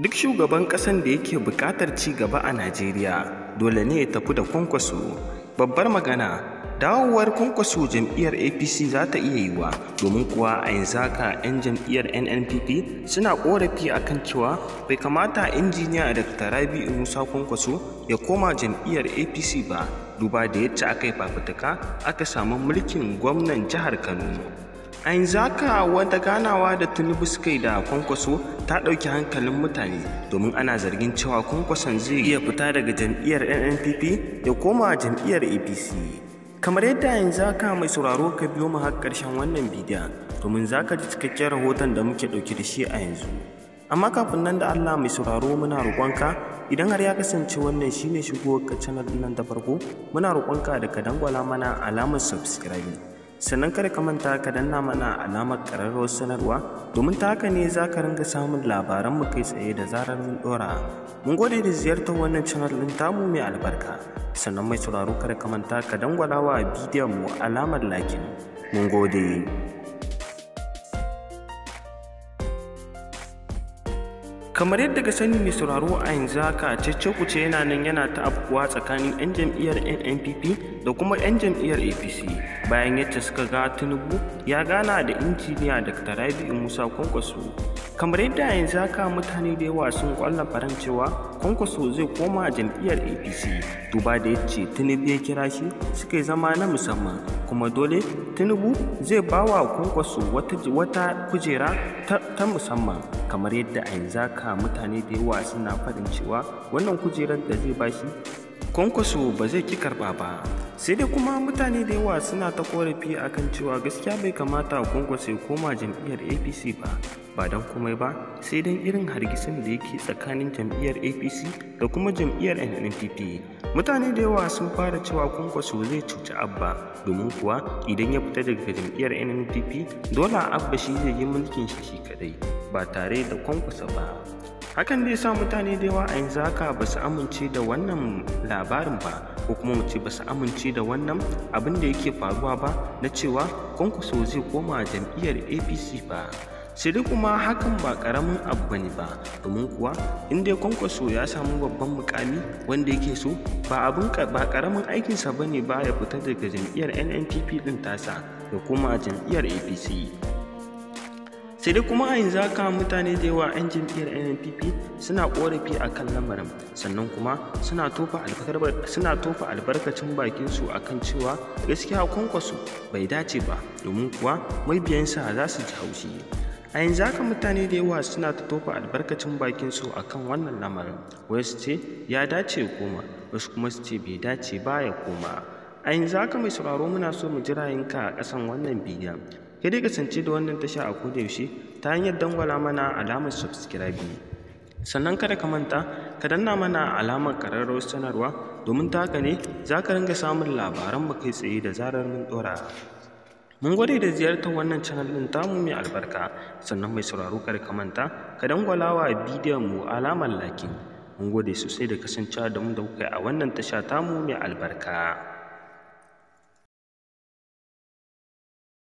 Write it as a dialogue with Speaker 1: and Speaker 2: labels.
Speaker 1: duk shugaban ƙasan da yake buƙatar ci gaba a najeriya dole ne ya tafi da kwankwaso babbar magana dawowar kwankwaso jam'iyyar apc za ta iya yiwa domin kuwa a yanzu haka 'yan jam'iyyar nnpp suna korafi kan cewa bai kamata injiniya dr rabi'u musa kwankwaso ya koma jam'iyyar apc ba duba da yadda aka yi fafutuka aka samu mulkin gwamnan jihar kano a yanzu haka wata ganawa da tinubu suka da kwankwaso ta ɗauki hankalin mutane domin ana zargin cewa kwankwason zai iya fita daga jam'iyyar nnpp ya koma jam'iyyar apc kamar yadda yanzu haka mai sauraro ka biyo mu har ƙarshen wannan bidiyon domin za ka ji cikakken rahoton da muke ɗauki da shi a yanzu amma kafin nan da allah mai sauraro muna roƙonka idan har ya kasance wannan shine shigowar ka channel nan da farko muna roƙonka da ka dangwala mana alamar subscribe sannan kada ka manta ka danna mana alamar ƙararrawar sanarwa domin ta haka ne za ka ringa samun labaran mu kai tsaye da zarar mun ɗora mun gode da ziyartar wannan channel ɗin tamu mai albarka sannan mai sauraro kada ka manta ka dangwala wa bidiyon mu alamar lakin mun gode kamar yadda ka sani mai sauraro a yanzu haka cece yana nan yana ta afkuwa tsakanin 'yan jam'iyyar nnpp da kuma 'yan jam'iyyar apc bayan yadda suka ga tinubu ya gana da injiniya dr rabi'u musa kwankwaso kamar yadda yanzu haka mutane da yawa sun kwallon faran cewa kwankwaso zai koma jam'iyyar apc duba da yace tinubu ya kira shi suka zama na musamman kuma dole tinubu zai ba wa kwankwaso wata, kujera ta, musamman kamar yadda a yanzu haka mutane da yawa suna faɗin cewa wannan kujerar da zai ba shi kwankwaso ba zai ki karɓa ba sai dai kuma mutane da yawa suna ta korafi kan cewa gaskiya bai kamata kwankwasa ya koma jam'iyyar apc ba ba don komai ba sai don irin hargitsin da yake tsakanin jam'iyyar apc da kuma jam'iyyar nnpp mutane da yawa sun fara cewa kwankwaso zai cuci abba domin kuwa idan ya fita daga jam'iyyar nnpp dole abba shi zai yi mulkin shi kadai ba tare da kwankwasa ba hakan ya sa mutane da yawa a yanzu haka ba su amince da wannan labarin ba ko kuma mu ce ba su amince da wannan abin da yake faruwa ba na cewa kwankwaso zai koma jam'iyyar apc ba sai kuma hakan ba karamin abu bane ba domin kuwa in dai kwankwaso ya samu babban mukami wanda yake so ba abin ba karamin aikinsa bane ba ya fita daga jam'iyyar nnpp din tasa da kuma jam'iyyar apc sai dai kuma a yanzu haka mutane da yawa 'yan jam'iyyar nnpp suna korafi a kan lamarin sannan kuma suna tofa albarkacin bakinsu a kan cewa gaskiya kwankwaso bai dace ba domin kuwa mabiyansa za su ji haushi a yanzu haka mutane da yawa suna ta tofa albarkacin bakinsu a kan wannan lamarin su ce ya dace ya koma wasu kuma su ce bai dace ba ya koma a yanzu haka mai sauraro muna so mu jira yinka a ƙasan wannan bidiyon ka dai kasance da wannan tasha a yaushe ta hanyar dangwala mana alamar subscribe sannan kada ka manta ka danna mana alamar ƙararrawar sanarwa domin ta haka ne za ka ringa samun labaran mu kai tsaye da zarar mun ɗora mun gode da ziyartar wannan channel ɗin tamu mai albarka sannan mai sauraro kada ka manta ka dangwala wa bidiyon mu alamar lakin mun gode sosai da kasancewa da mu da kuka a wannan tasha tamu mai albarka